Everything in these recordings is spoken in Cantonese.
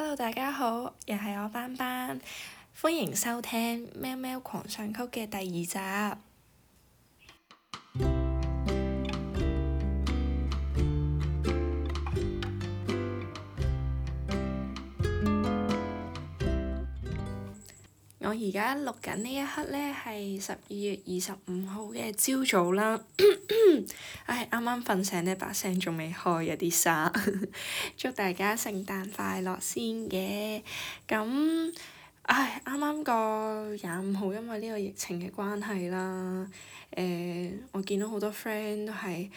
Hello，大家好，又係我班班，歡迎收聽《喵喵狂想曲》嘅第二集。我而家錄緊呢一刻咧，係十二月二十五號嘅朝早啦咳咳。唉，啱啱瞓醒呢，把聲仲未開、啊，有啲沙。 祝大家聖誕快樂先嘅，咁唉啱啱過廿五號，因為呢個疫情嘅關係啦。誒、呃，我見到好多 friend 都係，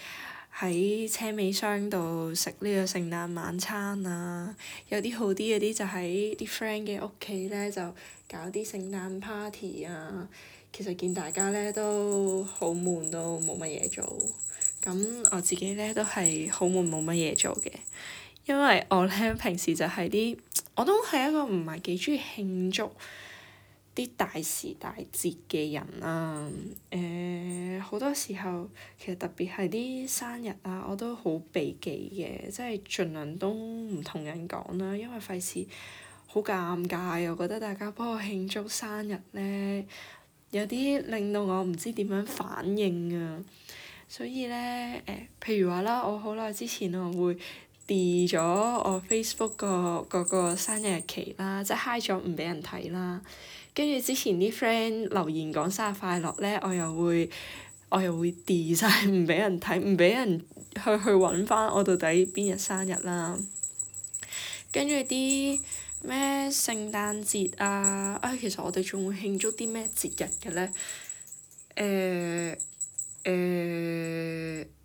喺車尾箱度食呢個聖誕晚餐啊！有啲好啲嗰啲就喺啲 friend 嘅屋企咧，就搞啲聖誕 party 啊！其實見大家咧都好悶，都冇乜嘢做。咁我自己咧都係好悶，冇乜嘢做嘅，因為我咧平時就係啲，我都係一個唔係幾中意慶祝。啲大時大節嘅人啊，誒、呃、好多時候其實特別係啲生日啊，我都好避忌嘅，即係盡量都唔同人講啦，因為費事好尷尬，我覺得大家幫我慶祝生日咧，有啲令到我唔知點樣反應啊，所以咧誒、呃，譬如話啦，我好耐之前我會 delete 咗我 Facebook 個嗰個生日日期啦，即係 high 咗唔俾人睇啦。跟住之前啲 friend 留言講生日快樂咧，我又會我又會 delete 曬唔俾人睇，唔俾人去去揾翻我到底邊日生日啦。跟住啲咩聖誕節啊？啊、哎，其實我哋仲會慶祝啲咩節日嘅咧？誒、呃、誒～、呃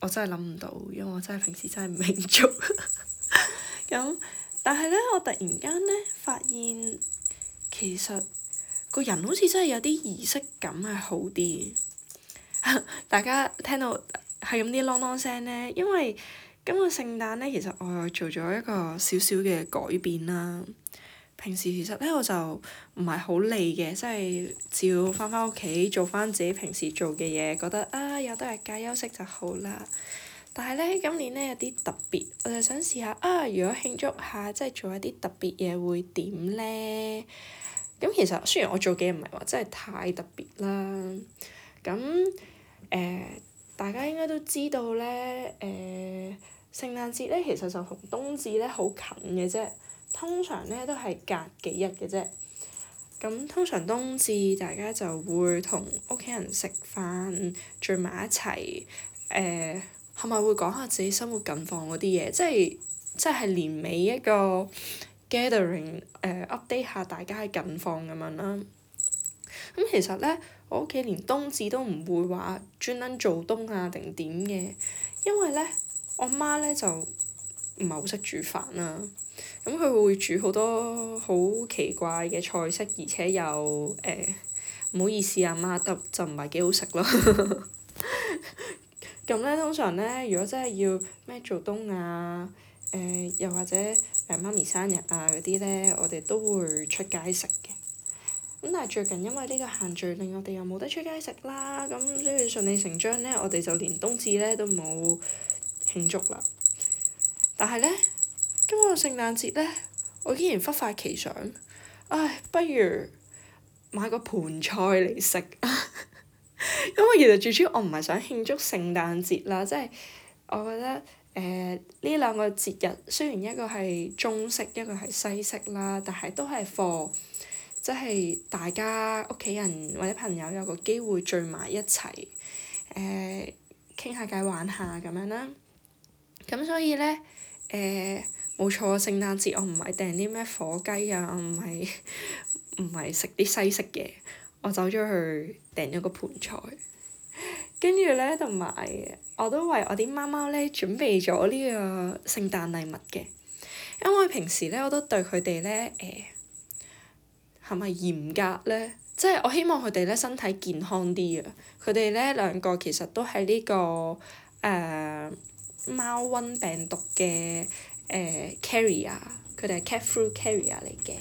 我真係諗唔到，因為我真係平時真係唔慶祝。咁， 但係咧，我突然間咧發現，其實個人好似真係有啲儀式感係好啲。 大家聽到係咁啲啷啷聲咧，因為今個聖誕咧，其實我又做咗一個小小嘅改變啦。平時其實咧，我就唔係好利嘅，即係只要翻返屋企做翻自己平時做嘅嘢，覺得啊有得日假休息就好啦。但係咧，今年咧有啲特別，我就想試下啊！如果慶祝下，即係做一啲特別嘢，會點咧？咁其實雖然我做嘅嘢唔係話真係太特別啦，咁誒、呃、大家應該都知道咧誒、呃，聖誕節咧其實就同冬至咧好近嘅啫。通常咧都係隔幾日嘅啫，咁通常冬至大家就會同屋企人食飯聚埋一齊，誒係咪會講下自己生活近況嗰啲嘢？即係即係年尾一個 gathering 誒、呃、update 下大家嘅近況咁樣啦。咁其實咧，我屋企連冬至都唔會話專登做冬啊，定點嘅？因為咧，我媽咧就唔係好識煮飯啦、啊。咁佢會煮好多好奇怪嘅菜式，而且又誒唔好意思啊媽，就就唔係幾好食咯。咁 咧，通常咧，如果真係要咩做冬啊，誒、呃、又或者誒媽咪生日啊嗰啲咧，我哋都會出街食嘅。咁但係最近因為呢個限聚令，我哋又冇得出街食啦。咁所以順理成章咧，我哋就連冬至咧都冇慶祝啦。但係咧～今個聖誕節咧，我竟然忽發奇想，唉，不如買個盆菜嚟食。 因為其實最主要我唔係想慶祝聖誕節啦，即係我覺得誒呢兩個節日雖然一個係中式，一個係西式啦，但係都係 for，即係大家屋企人或者朋友有個機會聚埋一齊誒，傾、呃、下偈玩下咁樣啦。咁所以咧，誒、呃、～冇錯啊！聖誕節我唔係訂啲咩火雞啊，唔係唔係食啲西式嘢。我走咗去訂咗個盤菜。跟住咧，同埋我都為我啲貓貓咧準備咗呢個聖誕禮物嘅，因為平時咧我都對佢哋咧誒係咪嚴格咧？即係我希望佢哋咧身體健康啲啊！佢哋咧兩個其實都係呢個誒貓瘟病毒嘅。誒 carrier，佢哋係 cat food carrier 嚟嘅，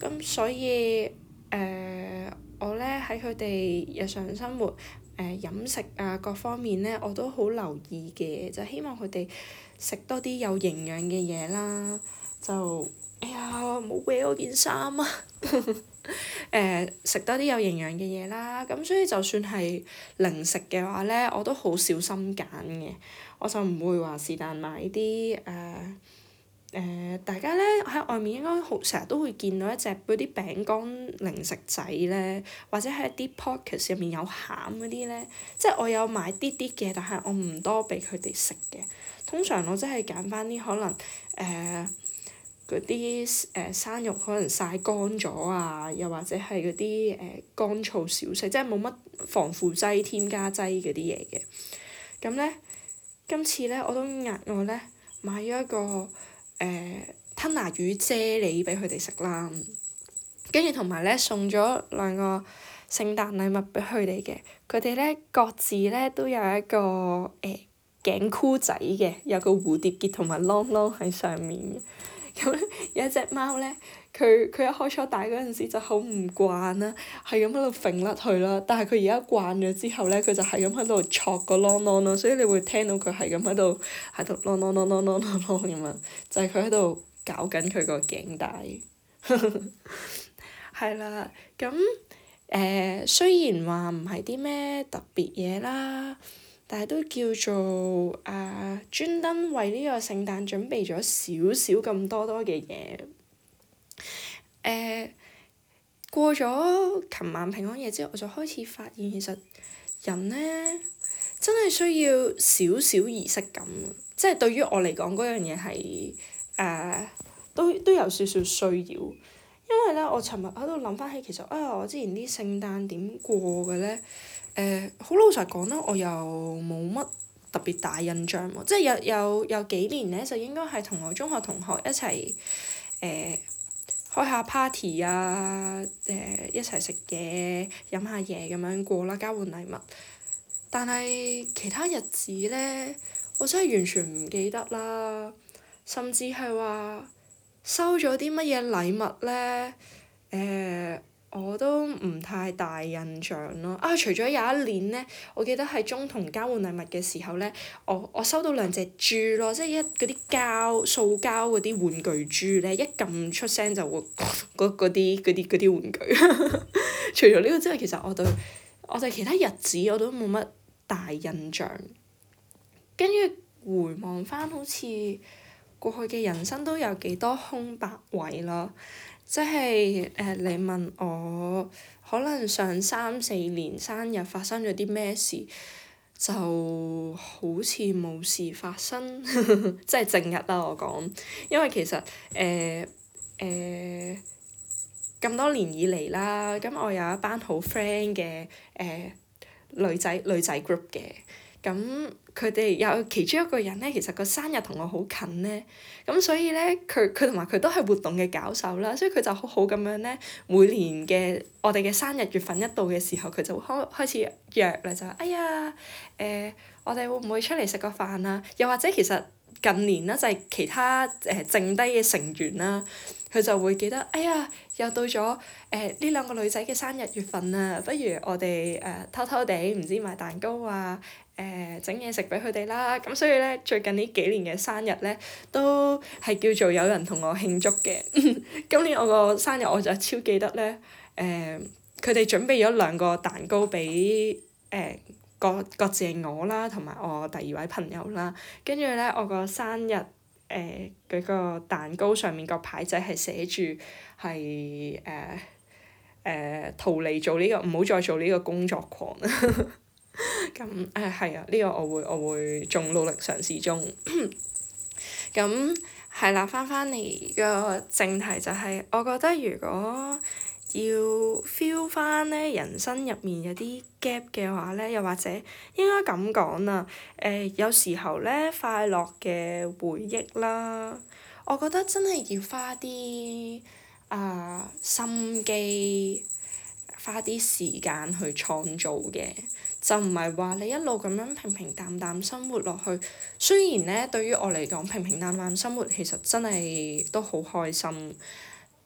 咁、呃、所以誒、呃、我咧喺佢哋日常生活誒、呃、飲食啊各方面咧，我都好留意嘅，就是、希望佢哋食多啲有營養嘅嘢啦。就哎呀冇搲我件衫啊！誒 食、呃、多啲有營養嘅嘢啦，咁所以就算係零食嘅話咧，我都好小心揀嘅，我就唔會話是但買啲誒。呃誒、呃，大家咧喺外面應該好成日都會見到一隻嗰啲餅乾零食仔咧，或者係啲 pockets 入面有餡嗰啲咧。即係我有買啲啲嘅，但係我唔多俾佢哋食嘅。通常我即係揀翻啲可能誒，嗰啲誒生肉可能曬乾咗啊，又或者係嗰啲誒乾燥小食，即係冇乜防腐劑、添加劑嗰啲嘢嘅。咁咧，今次咧我都額外咧買咗一個。誒、呃、吞拿魚啫喱俾佢哋食啦，跟住同埋咧送咗兩個聖誕禮物俾佢哋嘅，佢哋咧各自咧都有一個誒、欸、頸箍仔嘅，有個蝴蝶結同埋啷啷喺上面。咁 有一隻貓咧，佢佢一開初戴嗰陣時就好唔慣啦，係咁喺度揈甩佢啦。但係佢而家慣咗之後咧，佢就係咁喺度戳個啷啷咯，所以你會聽到佢係咁喺度喺度啷啷啷啷啷啷咁樣，就係佢喺度搞緊佢個頸帶。係 啦， 咁誒、呃、雖然話唔係啲咩特別嘢啦。但係都叫做啊，呃、專登為呢個聖誕準備咗少少咁多多嘅嘢。誒、呃，過咗琴晚平安夜之後，我就開始發現其實人咧真係需要少少儀式感，即係對於我嚟講嗰樣嘢係誒都都有少少需要，因為咧我尋日喺度諗翻起其實啊，我之前啲聖誕點過嘅咧。誒，好、呃、老實講啦，我又冇乜特別大印象喎，即係有有有幾年咧，就應該係同我中學同學一齊誒、呃、開下 party 啊，誒、呃、一齊食嘢飲下嘢咁樣過啦，交換禮物。但係其他日子咧，我真係完全唔記得啦，甚至係話收咗啲乜嘢禮物咧，誒、呃。我都唔太大印象咯，啊！除咗有一年咧，我記得喺中同交換禮物嘅時候咧，我我收到兩隻豬咯，即係一嗰啲膠塑膠嗰啲玩具豬咧，一撳出聲就會嗰嗰啲嗰啲嗰啲玩具。 除咗呢個之外，其實我對我對其他日子我都冇乜大印象。跟住回望翻，好似過去嘅人生都有幾多空白位咯～即係誒、呃，你問我可能上三四年生日發生咗啲咩事，就好似冇事發生。 即係正日啦我講，因為其實誒誒咁多年以嚟啦，咁我有一班好 friend 嘅誒、呃、女仔女仔 group 嘅。咁佢哋有其中一個人咧，其實個生日同我好近咧，咁所以咧，佢佢同埋佢都係活動嘅搞手啦，所以佢就好好咁樣咧，每年嘅我哋嘅生日月份一到嘅時候，佢就會開開始約啦，就話哎呀，誒、呃、我哋會唔會出嚟食個飯啊？又或者其實近年啦，就係、是、其他誒剩低嘅成員啦，佢就會記得哎呀，又到咗誒呢兩個女仔嘅生日月份啊，不如我哋誒、呃、偷偷地唔知買蛋糕啊～誒整嘢食俾佢哋啦，咁所以咧，最近呢幾年嘅生日咧，都係叫做有人同我慶祝嘅。 今年我個生日我就超記得咧，誒佢哋準備咗兩個蛋糕俾誒各各謝我啦，同埋我第二位朋友啦。跟住咧，我個生日誒佢個蛋糕上面個牌仔係寫住係誒誒逃離做呢個唔好再做呢個工作狂。 咁誒係啊！呢、啊，這個我會我會仲努力嘗試中。咁係啦，翻返嚟個正題就係、是，我覺得如果要 feel 翻咧人生入面有啲 gap 嘅話咧，又或者應該咁講啦，誒、呃、有時候咧快樂嘅回憶啦，我覺得真係要花啲啊、呃、心機，花啲時間去創造嘅。就唔係話你一路咁樣平平淡淡生活落去，雖然咧對於我嚟講平平淡淡生活其實真係都好開心，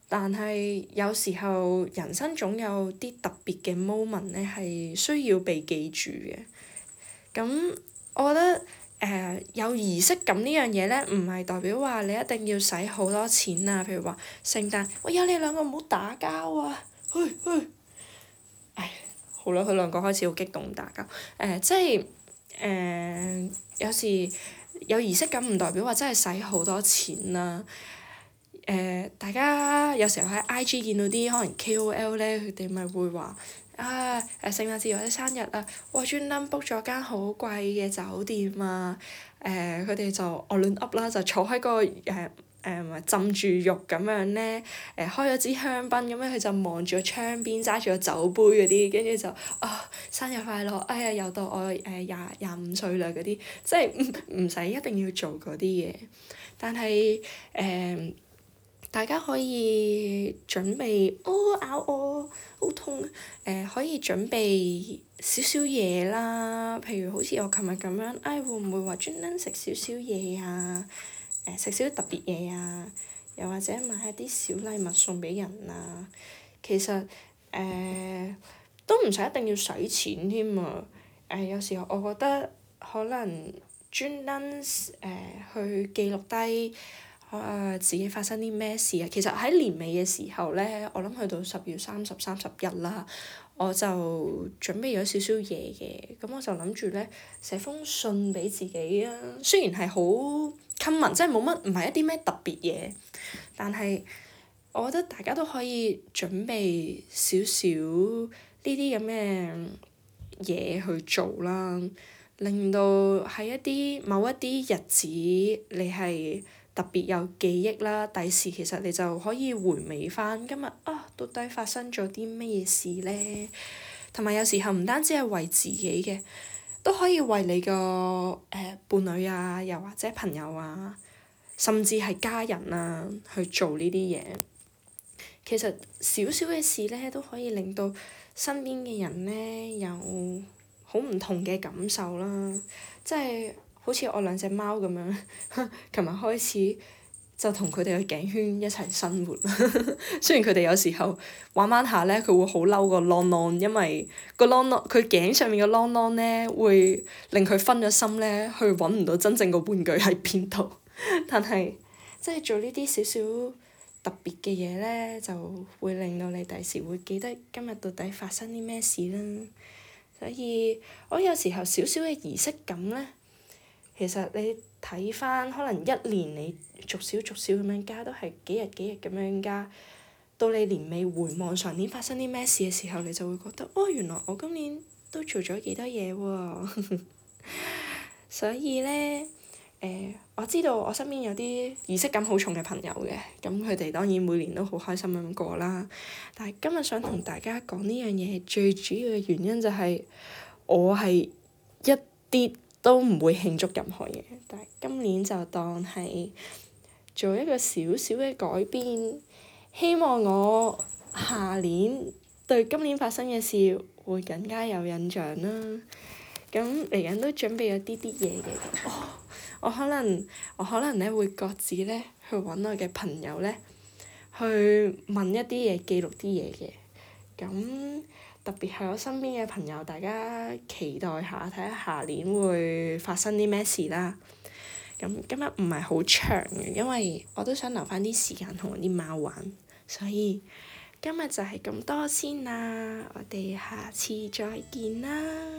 但係有時候人生總有啲特別嘅 moment 咧係需要被記住嘅。咁我覺得誒、呃、有儀式感呢樣嘢咧，唔係代表話你一定要使好多錢啊，譬如話聖誕，喂呀你兩個唔好打交啊，去去。唉唉。好啦，佢兩個開始好激動打交，誒、即係誒、呃、有時有儀式感唔代表話真係使好多錢啦、啊。誒、呃，大家有時候喺 IG 見到啲可能 KOL 咧，佢哋咪會話啊誒聖誕節或者生日啊，哇，專登 book 咗間好貴嘅酒店啊！誒、呃，佢哋就我亂噏啦，就坐喺嗰個誒。呃誒、嗯、浸住浴咁樣咧，誒、呃、開咗支香檳咁樣，佢就望住個窗邊揸住個酒杯嗰啲，跟住就啊、哦、生日快樂！哎呀，又到我誒廿廿五歲啦嗰啲，即係唔使一定要做嗰啲嘢，但係誒、呃、大家可以準備哦咬我好痛誒、啊呃，可以準備少少嘢啦，譬如好似我琴日咁樣，哎會唔會話專登食少少嘢啊？誒食少啲特別嘢啊，又或者買一啲小禮物送俾人啊。其實誒、呃、都唔使一定要使錢添啊。誒、呃、有時候我覺得可能專登誒去記錄低啊、呃、自己發生啲咩事啊。其實喺年尾嘅時候咧，我諗去到十月三十、三十日啦，我就準備咗少少嘢嘅，咁我就諗住咧寫封信俾自己啊。雖然係好～即係真係冇乜，唔係一啲咩特別嘢，但係我覺得大家都可以準備少少呢啲咁嘅嘢去做啦，令到喺一啲某一啲日子你係特別有記憶啦，第時其實你就可以回味翻今日啊，到底發生咗啲咩事咧，同埋有，有時候唔單止係為自己嘅。都可以為你個誒、呃、伴侶啊，又或者朋友啊，甚至係家人啊，去做呢啲嘢。其實少少嘅事咧，都可以令到身邊嘅人咧有好唔同嘅感受啦。即係好似我兩隻貓咁樣，琴日開始。就同佢哋嘅頸圈一齊生活， 雖然佢哋有時候玩玩下咧，佢會好嬲個噹噹，因為個噹噹佢頸上面個噹噹咧，會令佢分咗心咧，去揾唔到真正個玩具喺邊度。但係即係做呢啲少少特別嘅嘢咧，就會令到你第時會記得今日到底發生啲咩事啦。所以我有時候少少嘅儀式感咧。其實你睇翻可能一年你逐少逐少咁樣加，都係幾日幾日咁樣加。到你年尾回望上年發生啲咩事嘅時候，你就會覺得，哦，原來我今年都做咗幾多嘢喎、啊。 所以咧，誒、呃，我知道我身邊有啲儀式感好重嘅朋友嘅，咁佢哋當然每年都好開心咁過啦。但係今日想同大家講呢樣嘢，最主要嘅原因就係、是、我係一啲。都唔會慶祝任何嘢，但係今年就當係做一個少少嘅改變，希望我下年對今年發生嘅事會更加有印象啦。咁嚟緊都準備咗啲啲嘢嘅，我可能我可能咧會各自咧去揾我嘅朋友咧，去問一啲嘢，記錄啲嘢嘅，咁。特別係我身邊嘅朋友，大家期待下睇下下年會發生啲咩事啦。咁今日唔係好長嘅，因為我都想留翻啲時間同我啲貓玩，所以今日就係咁多先啦。我哋下次再見啦～